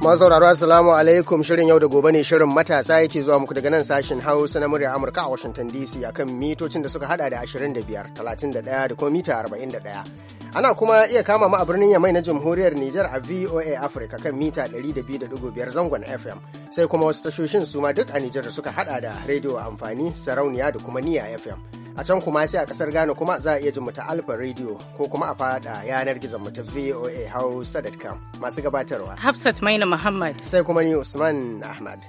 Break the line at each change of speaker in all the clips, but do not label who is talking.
masu sauraro assalamu alaikum shirin yau da gobe ne shirin matasa yake zuwa muku daga nan sashen hausa na murya amurka a washington dc akan mitocin da suka hada da 25 31 da kuma mita 41 ana kuma iya kama mu a birnin yamai na jamhuriyar nijar a voa africa kan mita 200.5 zangon fm sai kuma wasu tashoshin su ma duk a nijar da suka hada da rediyo amfani sarauniya da kuma niya fm a can kuma sai a kasar Ghana kuma za a iya jin mu ta Alfa Radio ko kuma a fada yanar gizon mu ta VOA Hausa.com masu gabatarwa Hafsat Maina Muhammad sai kuma ni Usman Ahmad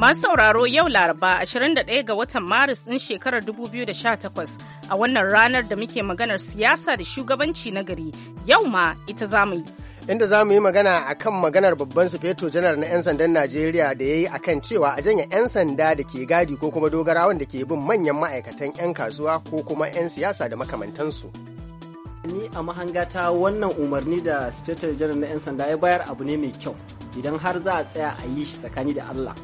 Masu sauraro yau Laraba 21 ga watan Maris ɗin shekarar 2018 a wannan ranar da muke maganar siyasa da shugabanci na gari yau ma ita za mu yi.
Inda za mu yi magana a kan maganar babban sufeto janar na 'yan sandan Najeriya da ya yi a kan cewa a janya 'yan sanda da ke gadi ko kuma dogarawan da ke bin manyan ma'aikatan 'yan kasuwa ko kuma 'yan siyasa da makamantansu.
ni a mahangata wannan umarni da feto janar na 'yan sanda ya bayar abu ne mai kyau idan har za a tsaya a yi shi tsakani da allah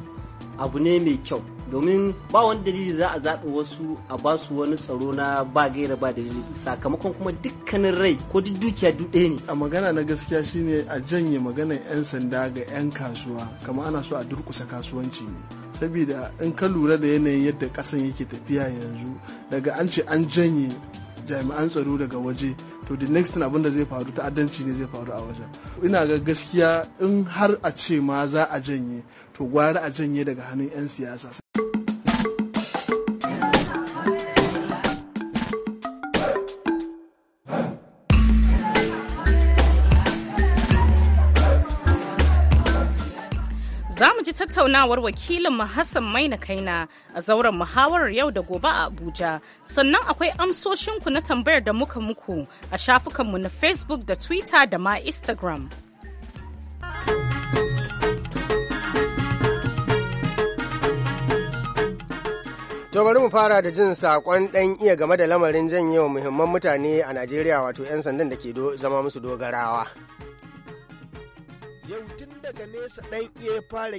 abu ne mai kyau domin ba wani dalili za a zaɓi wasu a ba su wani tsaro na ba gaira ba dalili
sakamakon kuma dukkanin rai ko duk dukiya duk ne a magana na gaskiya shine a janye maganar 'yan sanda ga 'yan kasuwa kamar ana so a durkusa kasuwanci ne saboda in ka lura da yanayin yadda kasan yake tafiya yanzu daga an ce an janye jami'an tsaro daga waje to the next thing abin da zai faru ta'addanci ne zai faru a waje ina ga gaskiya in har a ce ma za a janye to gwara a janye daga hannun 'yan siyasa
tattaunawar wakilin Hassan Maina Kaina a zauren muhawarar yau da gobe a Abuja. Sannan akwai amsoshinku na tambayar da muka muku a shafukanmu na Facebook da Twitter da ma Instagram.
To bari mu fara da jin saƙon ɗan iya game da lamarin janyewa muhimman mutane a Najeriya wato 'yan sandan da ke zama musu dogarawa.
yau tun daga nesa ɗan iya fara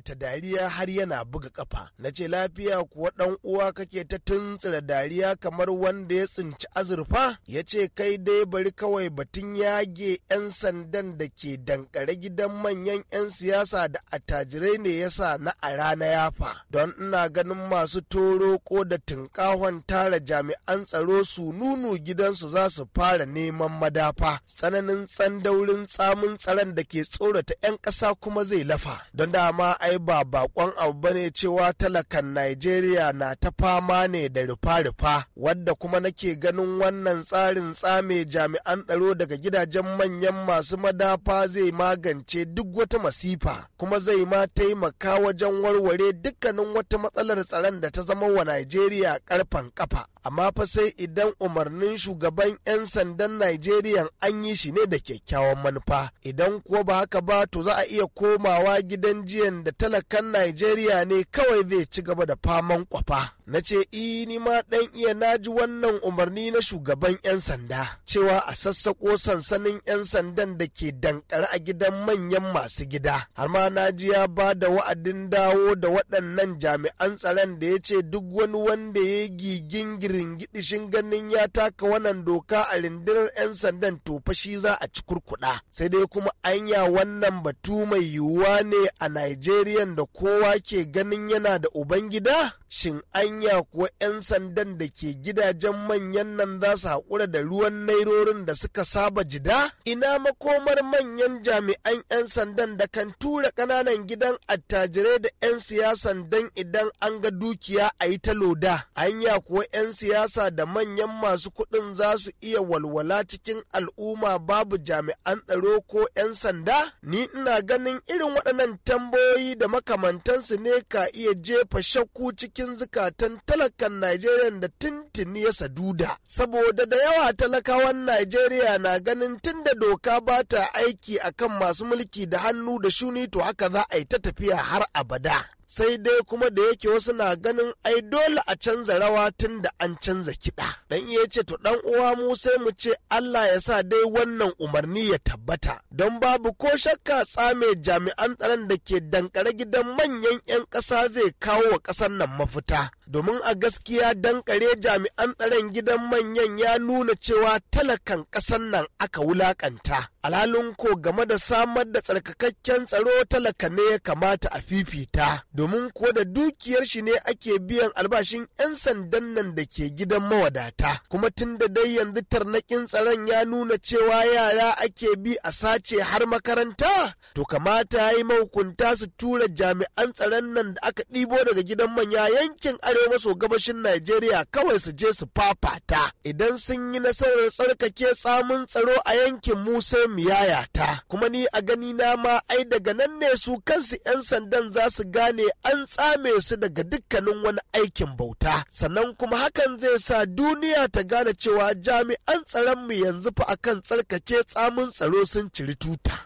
ta dariya har yana buga ƙafa. na ce lafiya kuwa ɗan uwa kake ta tuntsira dariya kamar wanda ya tsinci azurfa ya ce kai dai bari kawai batun yage 'yan sandan da ke dankare gidan manyan 'yan siyasa da attajirai ne ya sa na a rana yafa don ina ganin masu toro ko da tunkahon tara jami'an tsaro su nunu gidansu za su fara neman madafa tsananin tsandaurin tsamin tsaron da ke tsorata 'yan ƙasa kuma zai lafa don dama ai ba bakon abu bane cewa talakan Najeriya na ta fama ne da rufa-rufa wadda kuma nake ganin wannan tsarin tsame jami'an tsaro daga gidajen manyan masu madafa zai magance duk wata masifa kuma zai ma taimaka wajen warware dukkanin wata matsalar tsaron da ta zama wa Najeriya karfan kafa amma fa sai idan umarnin shugaban 'yan sandan Najeriya an yi shi ne da kyakkyawan manufa. Idan kuwa ba haka ba to za a iya komawa gidan jiyan da talakan Najeriya ne kawai zai ci gaba da faman kwafa. Na ce ni ma ɗan iya naji wannan umarni na shugaban 'yan sanda cewa a sassaƙo sansanin 'yan sandan da ke dankare a gidan manyan masu gida. Har ma na ji ya ba da wa'adin dawo da waɗannan jami'an tsaron da ya ce duk wani wanda ya gigin gir ringidishin ganin ya taka wannan doka a rindirar 'yan sandan to fashi za a ci kurkuɗa sai dai kuma anya wannan batu mai yiwuwa ne a Nigerian da kowa ke ganin yana da ubangida shin anya kuwa 'yan sandan da ke gidajen manyan nan za su haƙura da ruwan nairorin da suka saba jida ina makomar manyan jami'an 'yan sandan da kan tura ƙananan gidan attajirai da 'yan siyasan dan idan an ga dukiya a yi ta loda anya kuwa 'yan siyasa da manyan masu kuɗin za su iya walwala cikin al'umma babu jami'an tsaro ko 'yan sanda? Ni ina ganin irin waɗannan tambayoyi da makamantansu ne ka iya jefa shakku cikin zukatan talakan Najeriya da tuntuni ya saduda. Saboda da yawa talakawan Najeriya na ganin tunda doka ba ta aiki akan masu mulki da hannu da shuni to haka za a yi ta tafiya har abada. sai dai kuma da yake wasu na ganin ai dole a canza rawa tun da an canza kiɗa. Dan iya ce to ɗan uwa mu sai mu ce Allah ya sa dai wannan umarni ya tabbata don babu ko shakka tsame jami'an tsaron da ke dankare gidan manyan 'yan ƙasa zai kawo wa ƙasar nan mafita. Domin a gaskiya dankare jami'an tsaron gidan manyan ya nuna cewa talakan ƙasar nan aka wulaƙanta. alhalin ko game da samar da tsarkakakken tsaro talaka ne ya kamata a fifita domin kuwa da dukiyar shi ne ake biyan albashin 'yan sandan nan da ke gidan mawadata kuma tun da dai yanzu tarnakin tsaron ya nuna cewa yara ake bi a sace har makaranta to kamata ya yi mahukunta su tura jami'an tsaron nan da aka ɗibo daga gidan manya yankin arewa maso gabashin najeriya kawai su je su fafata idan sun yi nasarar tsarkake tsamun tsaro a yankin musa zan miyayata kuma ni a gani na ma ai daga nan ne su kansu 'yan sandan za su gane an tsame su daga dukkanin wani aikin bauta sannan kuma hakan zai sa duniya ta gane cewa jami'an tsaron mu yanzu fa akan tsarkake tsamin tsaro sun ciri tuta.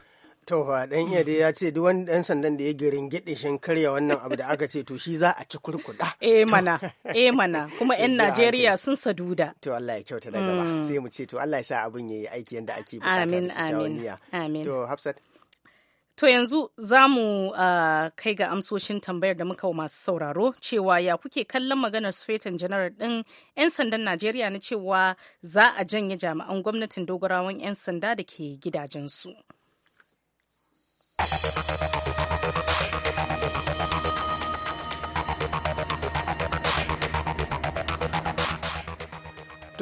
tofa dan iya dai ya ce duk wani dan sandan da ya girin gidi shin karya wannan abu da aka ce to shi za a ci kurkuda eh mana
eh mana kuma yan Najeriya
sun saduda to Allah ya kyauta daga ba hmm. sai mu ce to Allah ya sa abin yayi aiki yanda ake bukata amin amin amin to Hafsat
To yanzu za mu ah, kai ga amsoshin tambayar da muka wa masu sauraro cewa ya kuke kallon maganar sufetan janar ɗin 'yan sandan Najeriya na cewa za a janye jami'an gwamnatin dogarawan 'yan sanda da ke gidajensu. Gracias.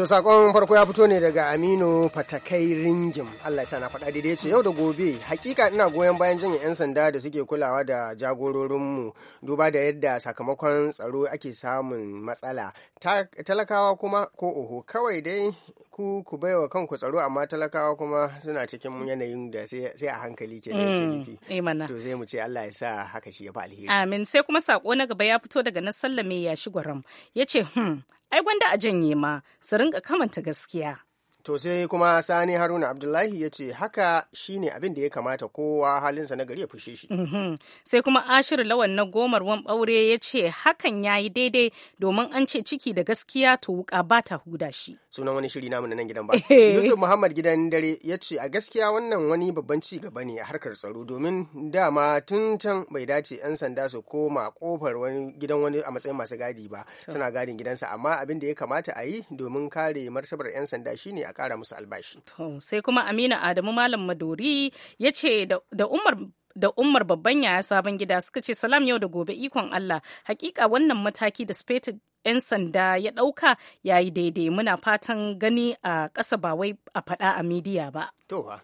To sakon farko ya fito ne daga Aminu Fatakai Ringim. Allah ya na faɗa daidai ce yau da gobe hakika ina goyon bayan janye 'yan sanda da suke kulawa da jagororinmu duba da yadda sakamakon tsaro ake samun matsala. Talakawa kuma ko oho kawai dai ku ku baiwa kanku tsaro amma talakawa kuma suna cikin yanayin da sai a hankali ke da mm, eh To zai mu ce Allah ya sa haka shi ya fi alheri.
Amin sai kuma sako na gaba ya fito daga na sallame ya shi gwaram. Ya ce hmm, ai gwanda a janye ma su rinka kamanta gaskiya
To sai kuma Sani Haruna Abdullahi ya ce haka shine abin da ya kamata kowa halinsa na gari ya fushe shi. Mhm.
Sai kuma Ashir Lawan na gomar wan ɓaure ya ce hakan ya yi daidai domin an ce ciki da gaskiya to wuka ba ta huda shi.
Sunan wani shiri namu na nan gidan ba. Eh. Yusuf Muhammad gidan dare ya ce a gaskiya wannan wani babban ci gaba ne a harkar tsaro domin dama tun can bai dace 'yan sanda su koma kofar wani gidan wani a matsayin masu gadi ba suna gadin gidansa amma abin da ya kamata a yi domin kare martabar 'yan sanda shine a ƙara musu albashi.
Sai kuma Amina Adamu Malam Madori ya ce da Umar da umar babban yaya sabon gida suka ce salam yau da gobe ikon Allah hakika wannan mataki da spated 'yan sanda ya ɗauka ya yi daidai muna fatan gani a ƙasa ba wai a faɗa a midiya ba. to ba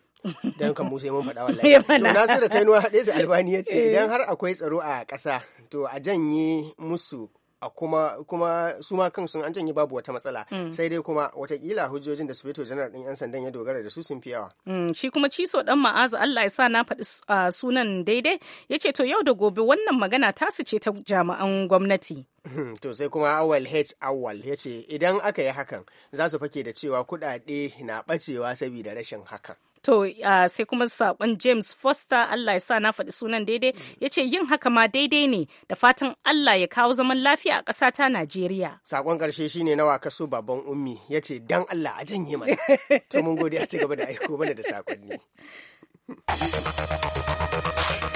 don kan musa mun faɗa wallahi to nasiru kainuwa haɗe su albani ya ce eh. idan har akwai tsaro a ƙasa to a janye musu a kuma kuma su ma kan sun an janye babu wata matsala mm. sai dai kuma watakila hujjojin da sufeto janar din yan sandan ya dogara da su sun fi yawa
mm. shi kuma ciso dan ma'azu Allah ya sa na faɗi sunan daidai yace to yau da gobe wannan magana tasu ce ta jami'an gwamnati
hmm, to sai kuma awal h awal ya ce idan aka yi hakan za su fake da cewa kuɗaɗe na ɓacewa saboda rashin hakan
To uh, sai kuma sakon James Foster Allah ya sa na faɗi sunan daidai ya ce yin haka ma daidai ne da fatan Allah ya kawo zaman lafiya a ƙasa ta
Najeriya. Sakon ƙarshe shine nawa kaso baban ummi ya ce dan Allah a
janye mana. To mun gode a ci gaba da aiko mana da
sakonni.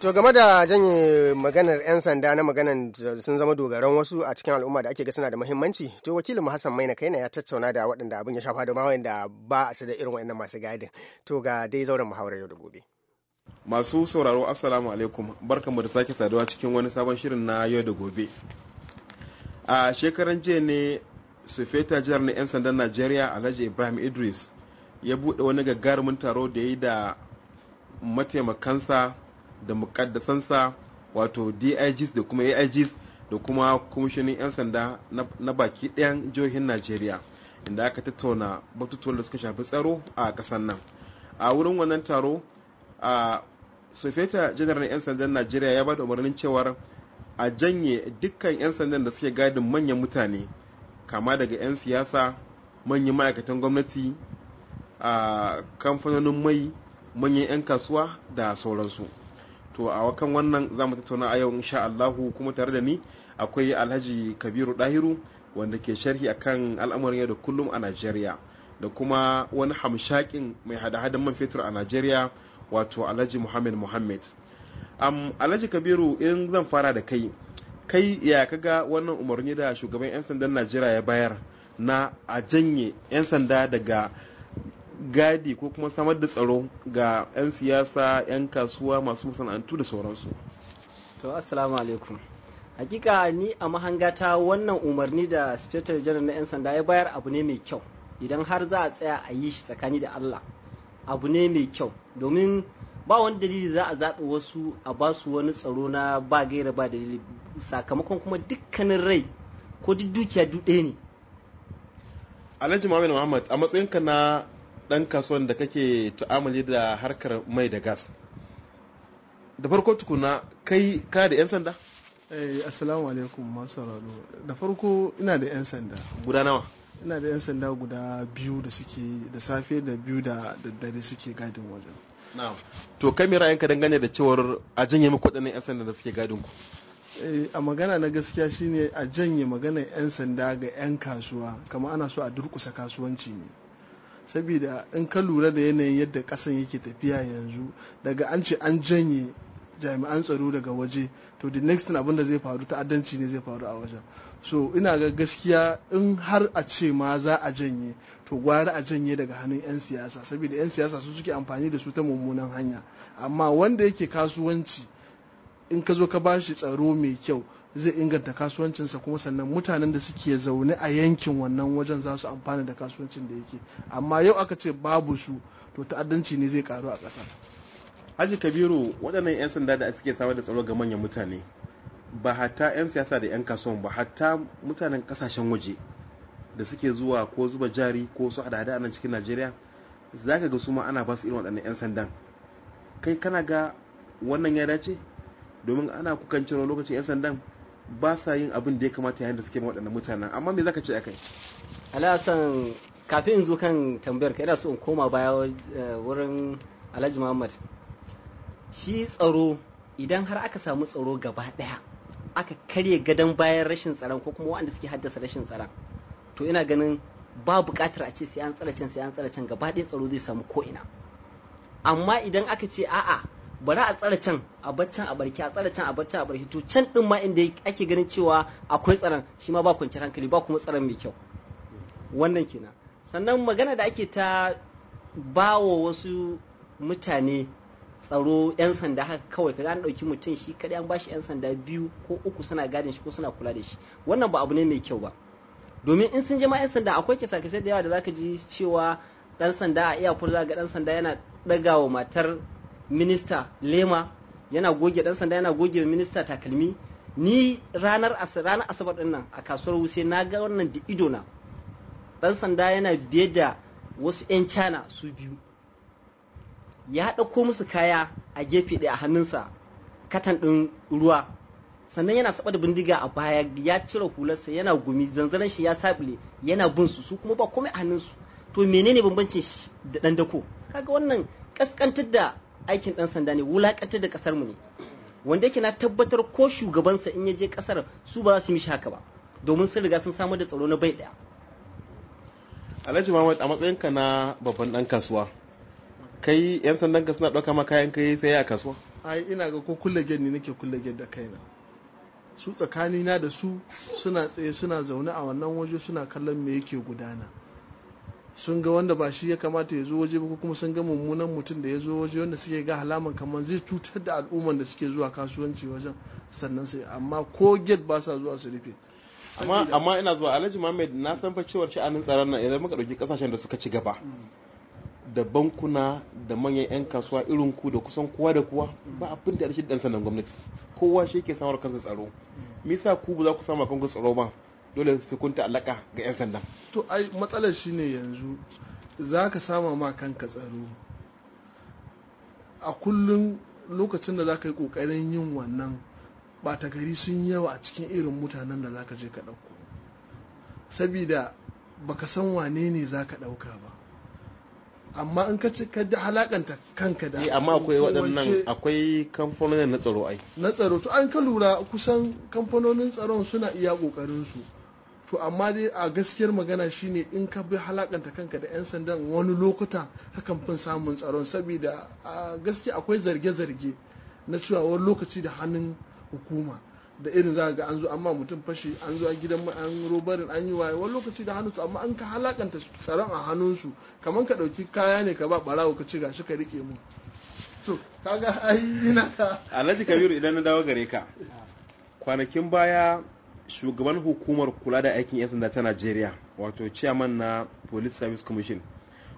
To game da janye maganar 'yan sanda na maganar sun zama dogaran wasu a cikin al'umma da ake ga suna da muhimmanci to wakilin mu Hassan Maina ne ya tattauna da waɗanda abin ya shafa da mawayin da ba su da irin waɗannan masu gadin to ga dai zauren muhawarar yau da gobe.
Masu sauraro Assalamu alaikum barkamu da sake saduwa cikin wani sabon shirin na yau da gobe. A shekaran jiya ne Sufeta jihar na 'yan sandan Najeriya Alhaji Ibrahim Idris ya buɗe wani gagarumin taro da ya yi da mataimakansa da mukaddasansa wato digs da kuma aigs da kuma kwamishinin 'yan sanda na baki ɗayan jihohin najeriya inda aka tattauna batutuwan da suka shafi tsaro a ƙasar nan a wurin wannan taro a sofeta janar 'yan sandan najeriya ya ba da umarnin cewar a janye dukkan 'yan sandan da suke gadin manyan mutane kama daga 'yan siyasa manyan ma'aikatan gwamnati a kamfanonin mai manyan 'yan kasuwa da sauransu to a wakan wannan za mu tattauna a yau insha Allahu kuma tare da ni akwai Alhaji Kabiru Dahiru wanda ke sharhi akan al'amarin yau da kullum a Najeriya da kuma wani hamshakin mai hada-hadan man fetur a Najeriya wato Alhaji Muhammad Muhammad um, Alhaji Kabiru in zan fara da kai kai ya kaga wannan umarni da shugaban 'yan sandan Najeriya ya bayar na a janye 'yan sanda daga gadi ko kuma samar da tsaro
ga 'yan siyasa 'yan kasuwa masu masana'antu da sauransu to assalamu alaikum hakika ni a mahangata wannan umarni da spiritual janar na 'yan sanda ya bayar abu ne mai kyau idan har za a tsaya a yi shi tsakani da allah abu ne mai kyau domin ba wani dalili za a zaɓi wasu a ba su wani tsaro na ba gaira ba dalili sakamakon kuma dukkanin rai ko duk dukiya duɗe ne
alhaji muhammad muhammad a matsayinka na ɗan kasuwan da kake tu'amali da harkar mai da gas da farko tukuna kai ka da 'yan sanda?
eh assalamu alaikum masu sauraro da farko ina da 'yan sanda guda nawa ina da 'yan sanda guda biyu da suke da safe da biyu da daddare suke gadin wajen
to kai mai ra'ayinka dangane da cewar a janye muku waɗannan 'yan sanda da suke gadin ku
eh, a magana na gaskiya shine a janye magana 'yan sanda ga 'yan kasuwa kamar ana so a durkusa kasuwanci ne saboda in ka lura da yanayin yadda kasan yake tafiya yanzu daga an ce an janye jami'an tsaro daga waje to the next thing abinda zai faru ta'addanci ne zai faru a wajen so ina ga gaskiya in har a ce ma za a janye to gwara a janye daga hannun 'yan siyasa saboda 'yan siyasa su suke amfani da su ta mummunan hanya amma wanda yake kasuwanci in ka zo ka bashi tsaro mai kyau zai inganta kasuwancinsa kuma sannan mutanen da suke zaune a yankin wannan wajen za su amfana da kasuwancin da yake amma yau aka ce babu su to ta'addanci ne zai karu a ƙasa
haji kabiru waɗannan 'yan sanda da suke samar da tsaro ga manyan mutane ba hatta 'yan siyasa da 'yan kasuwan ba hatta mutanen kasashen waje da suke zuwa ko zuba jari ko su hada-hada nan cikin najeriya za ka ga suma ana ba su irin waɗannan 'yan sandan kai kana ga wannan ya dace domin ana kukan cewa lokacin 'yan sandan ba sa yin abin da ya kamata yayin da suke ma waɗannan mutanen amma me zaka ce a kai
alhassan kafin in zo kan tambayar ka ina so in koma baya eh, wurin alhaji muhammad shi tsaro idan har aka samu tsaro gaba ɗaya aka karye gadon bayan rashin tsaron ko kuma waɗanda suke haddasa rashin tsaron to ina ganin ba buƙatar a ce sai an tsara can sai an tsara can gaba ɗaya tsaro zai samu ko ina amma idan aka ce a'a bari a tsara can a barcan a barki a tsara can a barcan a barki to can din ma inda ake ganin cewa akwai tsaron shi ma ba kwanciyar hankali ba kuma tsaron mai kyau wannan kenan sannan magana da ake ta bawo wasu mutane tsaro 'yan sanda haka kawai kaga an dauki mutum shi kaɗai an bashi 'yan sanda biyu ko uku suna gadin shi ko suna kula da shi wannan ba abu ne mai kyau ba domin in sun je ma 'yan sanda akwai kisa kisa da yawa da zaka ji cewa dan sanda a iya za ga dan sanda yana ɗaga wa matar minista lema yana goge dan sanda yana goge minista takalmi ni ranar asabar din nan a kasuwar wuse na ga wannan da ido na dan sanda yana biye da wasu 'yan cana su biyu ya ɗauko musu kaya a gefe ɗaya a hannunsa katan ɗin ruwa sannan yana saba da bindiga a baya ya cire hularsa yana gumi zanzaren shi ya sabile yana bin su kuma ba komai a hannunsu to menene bambancin da ɗan dako kaga wannan kaskantar da aikin ɗan sanda ne wulakantar da ƙasarmu ne wanda yake na tabbatar ko shugabansa in ya je ƙasar su ba za su yi mishi haka ba domin sun riga sun samar da tsaro na bai ɗaya alhaji mahmud a matsayinka na babban ɗan kasuwa kai yan
sandan ka suna ɗauka ma kayan kai sai a kasuwa
ai ina ga ko kulle gen ne nake kulle gen da kaina su tsakanina da su suna tsaye suna zaune a wannan waje suna kallon me yake gudana sun ga wanda ba shi ya kamata ya zo waje ba kuma sun ga mummunan mutum da ya zo waje wanda suke ga halaman kamar zai cutar da al'umman da suke zuwa kasuwanci wajen sannan sai amma ko get ba sa zuwa su rufe amma ina zuwa alhaji mohammed na san fa cewar
sha'anin tsaron nan idan muka dauki kasashen da suka ci gaba da bankuna da manyan 'yan kasuwa irin ku da kusan kowa da kowa ba abin da shi dan sanan gwamnati kowa shi yake samar kansa tsaro me yasa ku ba za ku samu kanku tsaro ba dole su kunta alaka ga 'yan sandan
to ai matsalar shine yanzu za ka sama ma kanka tsaro a kullum lokacin da za ka yi ƙoƙarin yin wannan ɓata gari sun yawa a cikin irin mutanen da za ka je ka ɗauko sabida baka san wane ne za ka ɗauka ba amma in ka ci ka halakanta kanka da eh, amma akwai waɗannan
akwai kamfanonin na tsaro ai
na tsaro to an ka lura kusan kamfanonin tsaron suna iya ƙoƙarin su to amma dai a gaskiyar magana shine in ka bi halakanta kanka da 'yan sandan wani lokuta hakan fin samun tsaron saboda a gaskiya akwai zarge-zarge na cewa wani lokaci da hannun hukuma da irin za ga an zo amma mutum fashi an zo a gidan mai an robarin an yi waye wani lokaci da hannunsu amma an ka halakanta tsaron a hannunsu kamar ka ɗauki kaya ne ka ba ɓarawo ka ci gashi ka riƙe mu to kaga ai ina ka
alhaji kabiru idan na dawo gare ka kwanakin baya shugaban hukumar kula da aikin 'yan sanda ta najeriya wato chairman na police service commission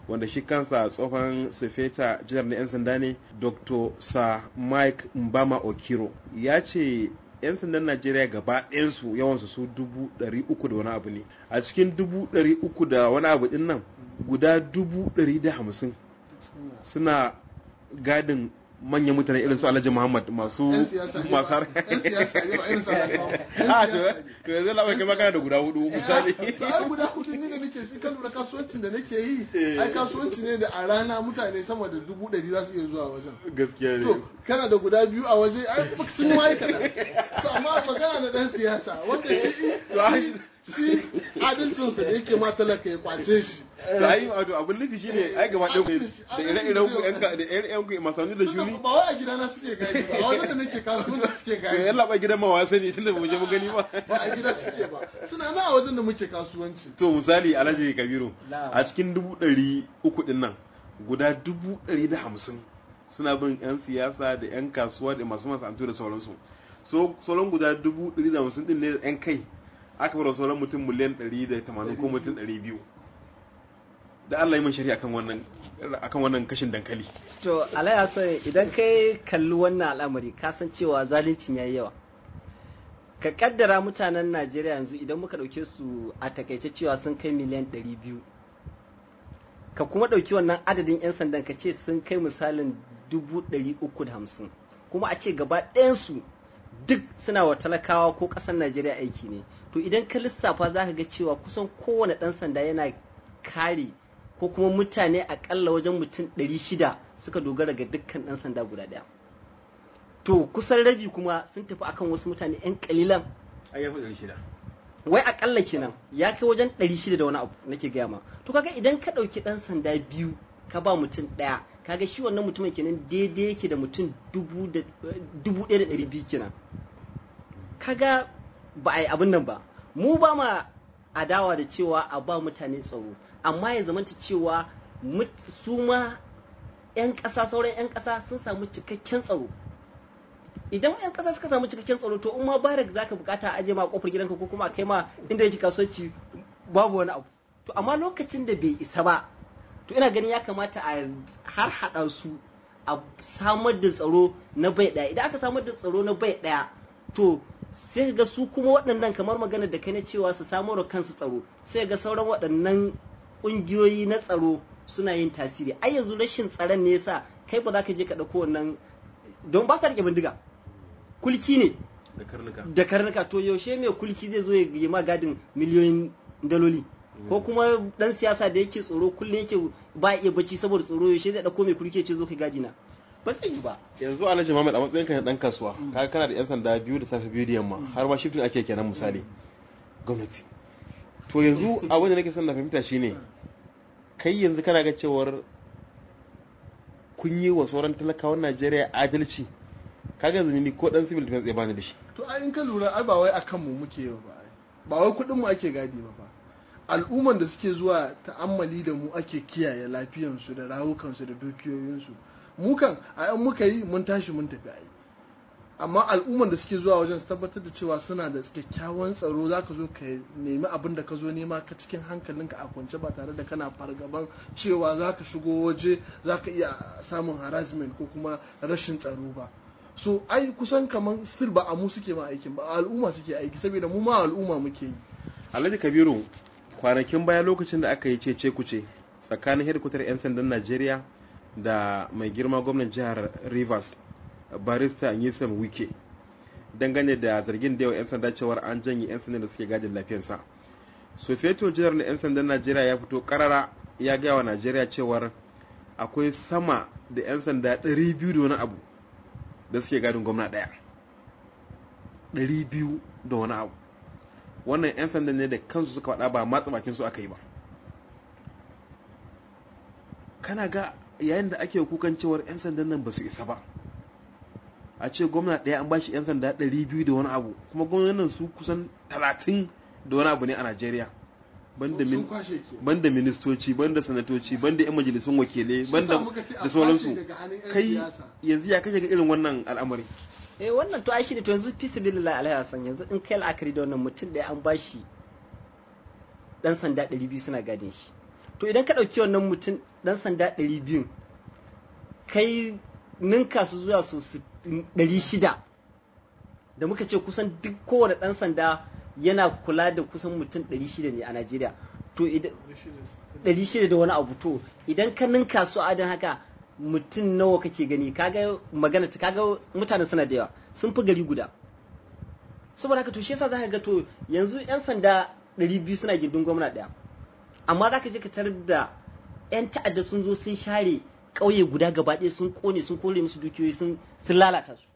wanda shi kansa tsohon sufeta janar na 'yan sanda ne dr sir mike mbama okiro ya ce 'yan sandan najeriya gaba ɗayansu yawansu su dubu ɗari uku da wani abu ne a cikin dubu ɗari uku da wani abu ɗin nan guda dubu ɗari da hamsin suna gadin manyan mutane irin su Alhaji Muhammad masu masu har yan siyasa yau irin a ah, to to yanzu labai kai kana da guda hudu eh, misali to
ai guda hudu ne da nake shi kan lura kasuwancin da nake yi eh. ai kasuwanci ne da a rana mutane sama da dubu ɗari za su iya zuwa wajen
gaskiya ne to
kana da guda biyu a waje ai sun ma yi kaɗan to amma magana na ɗan siyasa wanda shi shi sa da yake ma talaka ya kwace shi rayu ado abin nufi shi ne ai gaba ɗan da ire-iren ku yan ka da
ire-iren ku masanu da shuni
ba wai a gida na suke gani ba wajen da nake kasuwan da suke
gani yalla ba gidan mawa sani tunda ba mu je mu gani ba ba a
gida suke ba suna na a wajen da muke kasuwanci
to misali alhaji kabiru a cikin dubu ɗari uku ɗin nan guda dubu ɗari da hamsin suna bin 'yan siyasa da 'yan kasuwa da masu masana'antu da sauransu so sauran guda dubu ɗari da hamsin ɗin ne 'yan kai aka bar sauran mutum miliyan 180 ko mutum 200 da Allah yi min shari'a kan wannan akan wannan kashin dankali
to alaya sai idan kai kalli wannan al'amari ka san cewa zaluncin yayi yawa ka kaddara mutanen Najeriya yanzu idan muka dauke su a takaice cewa sun kai miliyan 200 ka kuma dauki wannan adadin 'yan sandan ka ce sun kai misalin 350 kuma a ce gaba ɗayansu duk suna wa talakawa ko ƙasar najeriya aiki ne to idan ka lissafa za ka ga cewa kusan kowane ɗan sanda yana kare ko kuma mutane akalla wajen mutum 600 suka dogara ga dukkan ɗan sanda guda ɗaya to kusan rabi kuma sun tafi akan wasu mutane 'yan kalilan wai akalla kenan ya kai wajen shida da wani abu nake gaya ma to kaga idan ka ɗauki ɗan sanda biyu ka ba mutum ɗaya kaga shi wannan mutumin kenan daidai yake da mutum dubu ɗaya da ɗari biyu kenan kaga ba a yi abin nan ba mu ba ma adawa da cewa a ba mutane tsaro amma ya zamanta cewa su ma 'yan ƙasa sauran 'yan ƙasa sun samu cikakken tsaro idan 'yan ƙasa suka samu cikakken tsaro to in ma za ka bukata aje ma kofar gidanka ko kuma a kai ma inda yake kasuwanci babu wani abu to amma lokacin da bai isa ba to ina gani ya kamata a har haɗa su a samar da tsaro na bai ɗaya idan aka samar da tsaro na bai ɗaya to sai ga su kuma waɗannan kamar magana da kai na cewa su samar kansu tsaro sai ga sauran waɗannan ƙungiyoyi na tsaro suna yin tasiri ai yanzu rashin tsaron ne yasa kai ba za ka je ka ɗauko wannan don ba sa riƙe bindiga kulki ne da karnuka Da karnuka. to yaushe mai kulki zai zo ya ma gadin miliyoyin daloli ko kuma dan siyasa da yake tsoro kullum yake ba iya bacci saboda tsoro yaushe zai dauko mai kurke ce zo ka gadi na ba zai yi ba
yanzu alhaji Muhammad a matsayin ka dan kasuwa mm. ka kana da yan sanda biyu da safe biyu da yamma mm. har ma shifting ake kenan misali gwamnati to yanzu abin da nake son na fahimta shine kai yanzu kana ga cewar kun yi wa sauran talakawan Najeriya adalci kaga yanzu ni ko dan civil defense ya bani da shi
to a in ka lura ai ba wai akan mu muke ba ba wai kudin mu ake gadi ba ba al'umman da suke zuwa ta'ammali da mu ake kiyaye lafiyansu da rawukansu da dukiyoyinsu mu a yan muka yi mun tashi mun tafi ai amma al'umman da suke zuwa wajen su tabbatar da cewa suna da kyakkyawan tsaro za ka zo ka nemi abin da ka zo nema ka cikin hankalinka a kwance ba tare da kana fargaban cewa za ka shigo waje za ka iya samun harassment ko kuma rashin tsaro ba so ai kusan kamar still ba a mu suke ma aikin ba al'umma suke aiki saboda mu ma al'umma muke yi
alhaji kabiru
kwanakin baya
lokacin da aka yi cece kuce tsakanin hedkwatar 'yan sandan najeriya da mai girma gwamnan jihar rivers barista nisan wike dangane da zargin da yawa 'yan sanda cewar an janye 'yan sandan da suke gadin lafiyarsa sofeto jihar na 'yan sandan najeriya ya fito karara ya gaya wa najeriya cewar akwai sama da 'yan sanda 200 da wani abu da suke gadin gwamna daya 200 da wani abu wannan 'yan sandan ne da kansu suka faɗa ba matsa bakin su aka yi ba kana ga yayin da ake kukan cewar 'yan sandan nan ba su isa ba a ce gwamna ɗaya an bashi 'yan sanda 200 da wani abu kuma gwamnan su kusan talatin da wani abu ne a najeriya banda ministoci banda sanatoci banda yan majalisun wakilai banda da sauransu kai yanzu ya kashe ga irin wannan al'amari
eh wannan to ai shi ne to yanzu fisabilillah alaihi san yanzu in kai la'akari da wannan mutum da an bashi dan sanda 200 suna gadin shi to idan ka dauki wannan mutum dan sanda 200 kai ninka su zuwa su 600 da muka ce kusan duk kowane dan sanda yana kula da kusan mutum 600 ne a Najeriya to idan 600 da wani abu to idan ka ninka su adin haka mutum nawa kake gani kaga magana ta kaga mutane suna da yawa sun fi gari guda saboda haka to shi yasa zaka ga to yanzu yan sanda 200 suna gindin gwamna daya amma zaka je ka tarar da yan ta'adda sun zo sun share ƙauye guda gaba ɗaya sun kone sun kore musu dukiyoyi sun lalata su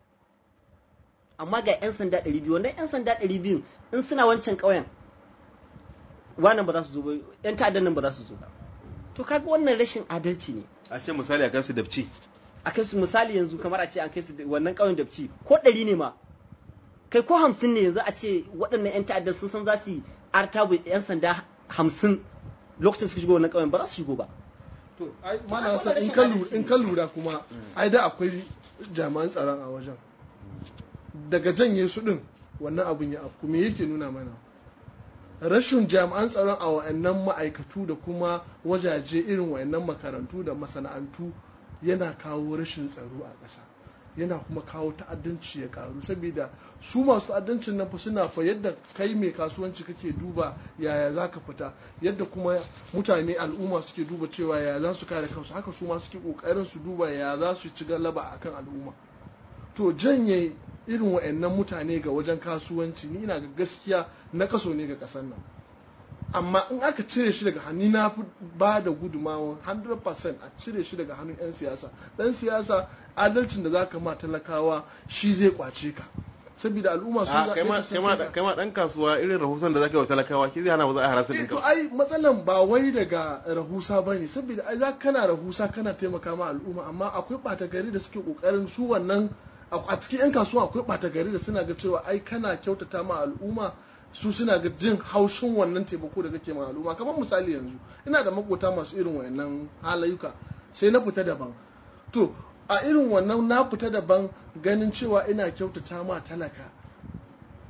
amma ga 'yan sanda 200 wannan 'yan sanda 200 in suna wancan ƙauyen wannan ba za su zo ba 'yan ta'addan nan ba za su zo ba to kaga wannan rashin adalci ne a ce misali a kai su dabci a kai su misali yanzu kamar a ce an kai su wannan ƙauyen dabci ko ɗari ne ma kai ko hamsin ne yanzu a ce waɗannan 'yan ta'adda sun san za su yi artabu 'yan sanda hamsin lokacin suka shigo wannan ƙauyen ba za su shigo ba
to ai mana san in ka lura kuma mm. ai da akwai jami'an tsaron a wajen daga janye su din wannan abun ya afku me yake nuna mana rashin jami'an tsaron a wa'annan ma'aikatu da kuma wajaje irin wa'annan makarantu da masana'antu yana kawo rashin tsaro a ƙasa yana kuma kawo ta'addanci ya karu saboda su masu ta'addancin nan fa suna fa yadda kai mai kasuwanci kake duba yaya za ka fita yadda kuma mutane al'umma suke duba cewa yaya za su kare kansu haka su ma suke kokarin su duba yaya za su ci galaba a kan al'umma to janye irin wa'annan mutane ga wajen kasuwanci ni ina ga gaskiya na kaso ne ga ƙasar nan amma in aka cire shi daga hannu na fi ba da gudumawan 100% a cire shi daga hannun 'yan siyasa dan siyasa adalcin da za ka ma talakawa shi zai kwace ka saboda al'umma sun zaɓe ka
kai ma dan kasuwa irin rahusan da ka yi wa talakawa ki zai hana ba za a harasa ɗinka eh, to
ai matsalan ba wai daga rahusa bane saboda ai za kana rahusa kana taimaka ma al'umma amma akwai ɓata gari da suke ƙoƙarin su wannan a cikin 'yan kasuwa akwai bata gari da suna ga cewa ai kana kyautata ma al'umma su suna ga jin haushin wannan taimako da kake ma al'umma kamar misali yanzu ina da makota masu irin wayannan halayuka sai na fita daban to a irin wannan na fita daban ganin cewa ina kyautata ma talaka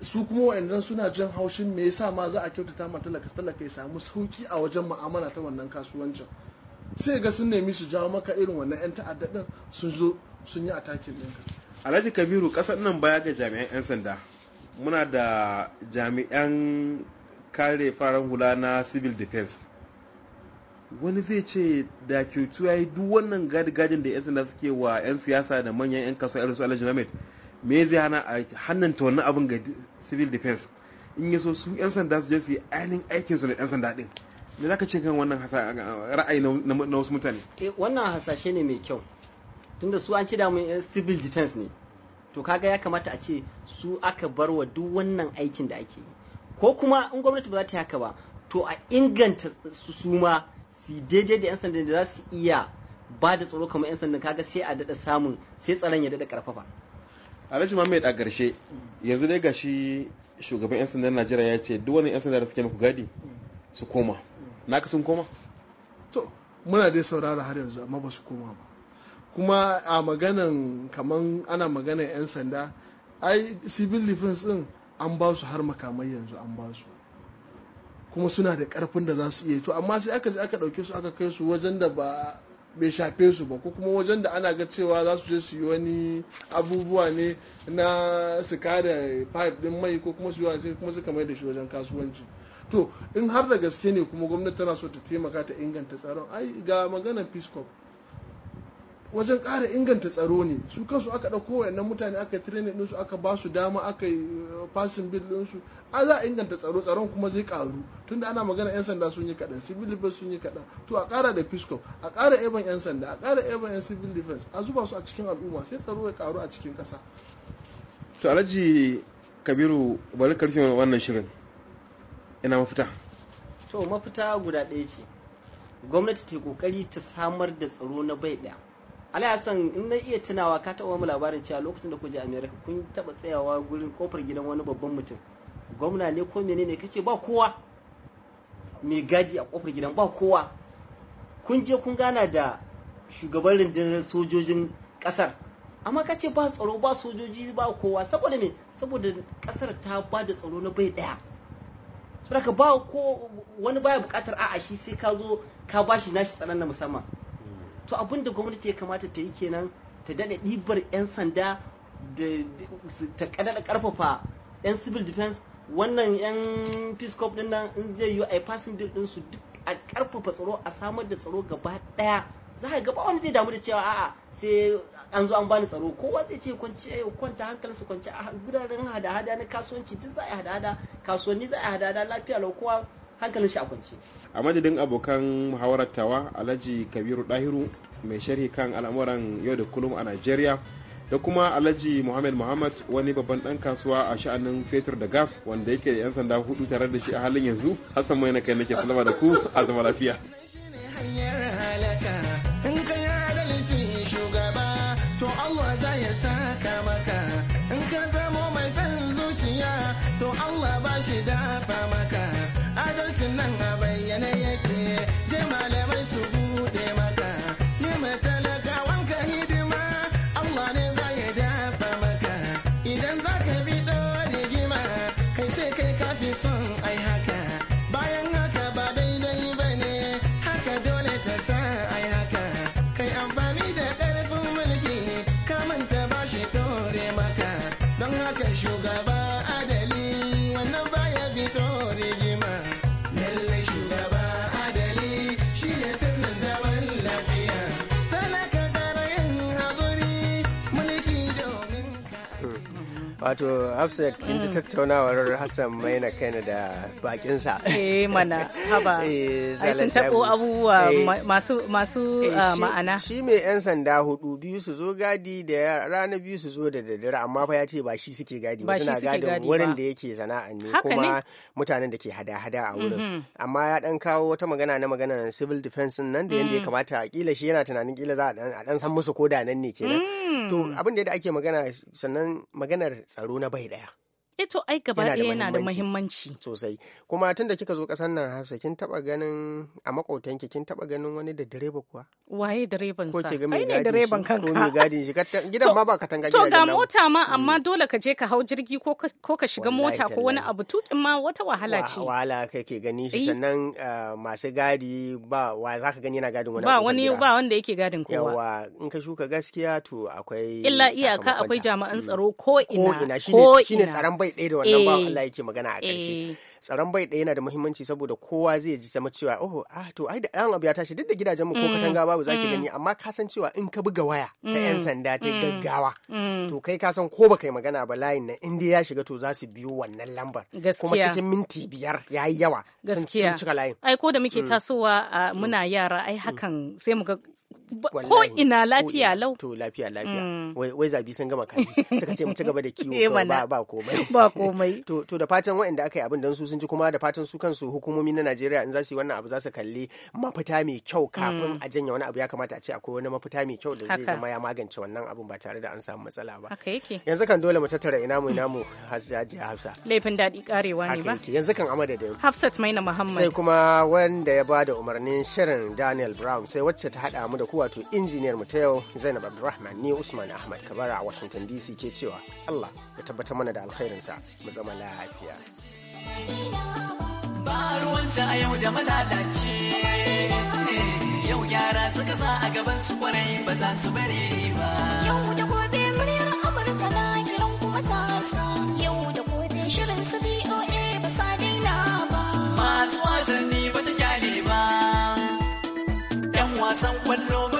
su kuma wayannan suna jin haushin me yasa ma za a kyautata ma talaka talaka ya samu sauki a wajen mu'amala ta wannan kasuwancin sai ga sun nemi su jawo maka irin wannan 'yan ta'adda sun zo sun yi a takin ɗinka
alhaji kabiru kasar nan baya ga jami'an 'yan sanda muna da jami'an kare farar hula na civil defense wani zai ce da kyautu ya yi duk wannan gadi-gadin da 'yan sanda suke wa 'yan siyasa da manyan 'yan kasuwa irinsu alhaji me zai hana a ta wannan abin ga civil defense in yaso su 'yan sanda su je su yi ainihin aikinsu da 'yan sanda din me za ka ce
kan wannan ra'ayi na wasu mutane eh, wannan hasashe ne mai kyau tunda su an ce da mun eh, civil defense ne to kaga ya kamata a ce su aka bar wa duk wannan aikin da ake yi ko kuma in gwamnati ba za ta yi haka ba to a inganta su suma su daidai da 'yan sanda da za su iya ba da tsaro kamar 'yan sanda kaga sai a dada samun sai tsaron ya dada karfafa
alhaji muhammad a ƙarshe yanzu dai gashi shugaban 'yan sandan najeriya ya ce duk wani 'yan sanda da suke muku gadi su koma naka
sun koma to muna dai saurara har yanzu amma ba su koma ba kuma a maganan kamar ana maganan 'yan sanda ai civil defense din an ba su har makamai yanzu an ba su kuma suna da karfin da za su iya to amma sai aka je aka dauke su aka kai su wajen da ba bai shafe su ba ko kuma wajen da ana ga cewa za su je su yi wani abubuwa ne na su kada pipe din mai ko kuma su yi sai kuma suka mai da shi wajen kasuwanci to in har da gaske ne kuma gwamnati tana so ta taimaka ta inganta tsaron ai ga maganar peace corps wajen ƙara inganta tsaro ne su kansu aka ɗauko wayannan mutane aka training ɗinsu aka ba su dama aka yi fasin uh, bil ɗinsu a za a inganta tsaro tsaron kuma zai ƙaru tunda ana magana 'yan sanda sun yi kaɗan civil defense sun yi kaɗan to a ƙara da fiscom a ƙara eban 'yan sanda a ƙara eban 'yan civil defense a zuba su a cikin al'umma sai tsaro ya ƙaru a cikin ƙasa.
to alhaji kabiru bari karfe wannan shirin ina mafita.
to mafita guda ɗaya
ce gwamnati ta kokari ta samar da tsaro na bai ɗaya Hassan, in na iya tunawa ka taɓa mu labarin cewa lokacin da ku je america kun taɓa tsayawa gurin kofar gidan wani babban mutum gwamna ne ko menene kace ba kowa mai gadi a kofar gidan ba kowa kun je kun gana da shugaban rundunar sojojin kasar amma ka ce ba tsaro ba sojoji ba kowa saboda me saboda kasar ta ba da tsaro na bai daya saboda ba ko wani baya bukatar a'a shi sai ka zo ka bashi nashi tsaron musamman to abin da gwamnati ya kamata ta yi kenan ta daɗe ɗibar 'yan sanda da ta ƙarfafa 'yan civil defense wannan 'yan peace corps din nan in zai yi a passing bill din su duk a ƙarfafa tsaro a samar da tsaro gaba ɗaya za yi gaba wani zai damu da cewa a'a sai an zo an bani tsaro kowa zai ce kwanta hankalinsa kwance a gudanar hada-hada na kasuwanci duk za a yi hada-hada kasuwanni za a yi hada-hada lafiya lau kowa hankalin shi a kwance
a madadin abokan muhawarar tawa alhaji kabiru dahiru mai sharhi kan al'amuran yau da kullum a najeriya da kuma alhaji muhammad muhammad wani babban dan kasuwa a sha'anin fetur da gas wanda yake da 'yan sanda hudu tare da shi a halin yanzu hassan mai na kai nake salama da ku a zama
lafiya shi dore maka don haka shugaba
wato hafsat kin ji tattaunawar hassan maina kaina da bakinsa eh mana haba eh, sun tabo abubuwa eh, masu masu eh, ah, ma'ana shi mai yan sanda hudu biyu su zo gadi da rana biyu su zo da daddare amma fa ya ce ba shi suke gadi ba suna gadin wurin da yake sana'a ne kuma mutanen da ke hada-hada a wurin mm-hmm. amma ya dan kawo wata magana na magana civil defense nan da yanda ya mm. kamata kila shi yana tunanin kila za a dan san musu koda nan ne kenan mm. to abin da ake magana sannan maganar tsaro na bai daya.
e to ai gaba ɗaya yana da
muhimmanci. Sosai. Kuma tun da kika zo ƙasar nan Hafsa kin taɓa ganin a makotanki kin taɓa ganin wani da direba kuwa?
Waye direban sa? kai ne direban kanka. Ko mai gadi
shi gidan ma ba ka tanga gidan. To ga mota
ma amma mm. dole ka je ka hau jirgi ko ka shiga mota ko wani abu tukin ma wata wahala ce.
Wahala kai ke gani shi eh. sannan eh, masu gadi ba wa za ka gani yana gadin wani. Ba wani ba
wanda yake gadin kowa.
Yawa in ka shuka gaskiya to akwai. Illa iyaka akwai
jami'an mm. tsaro ko ina. Ko ina shine tsaron bai ɗaya da wannan ba eh. Allah
yake magana a ƙarshe eh. tsaron bai ɗaya yana da muhimmanci saboda kowa zai ji zama cewa oh ah to ai da ɗan abu ya tashi duk da gidajen mu ko mm, katanga babu zaki mm. gani amma ka san cewa in ka buga waya ta yan mm, sanda ta gaggawa to kai ka san ko baka yi magana ba layin nan in dai ya shiga to za su biyo wannan lambar kuma cikin minti biyar ya yi yawa sun cika layin ai ko da muke
tasowa muna yara ai
hakan
sai mu ga ko ina lafiya lau to lafiya
lafiya wai zabi sun gama kaji suka ce mu ci gaba da kiwo eh, ba ba komai ba komai to da fatan waɗanda aka yi abin don su sun ji kuma da fatan su kansu hukumomi na Najeriya in za su yi wannan abu za su kalli mafita mai kyau kafin mm. a janya wani abu ya kamata a ce akwai wani mafita mai kyau da zai zama ya magance wannan abun ba tare da an samu matsala ba. Yanzu kan dole mu tattara ina mu ina mu Hajjaji Hafsa. Laifin daɗi karewa ne ba. Yanzu kan da Hafsat Maina Muhammad. Sai kuma wanda ya bada umarnin shirin Daniel Brown sai wacce ta haɗa mu da ku wato injiniyar mu ta yau Zainab Abdulrahman ni Usman Ahmad Kabara a Washington DC ke cewa Allah ya tabbatar mana da alkhairinsa mu zama lafiya.
Ba ruwanta a yau da malalace.
Yau gyara suka sa a gaban su kwarai ba za su bare ba.
Yau da gobe muryar Amurka na kiran kuma matasa. Yau da gobe shirin
su BOA ba sa daina ba. Masu
wasanni ba ta kyale ba. 'Yan wasan kwallo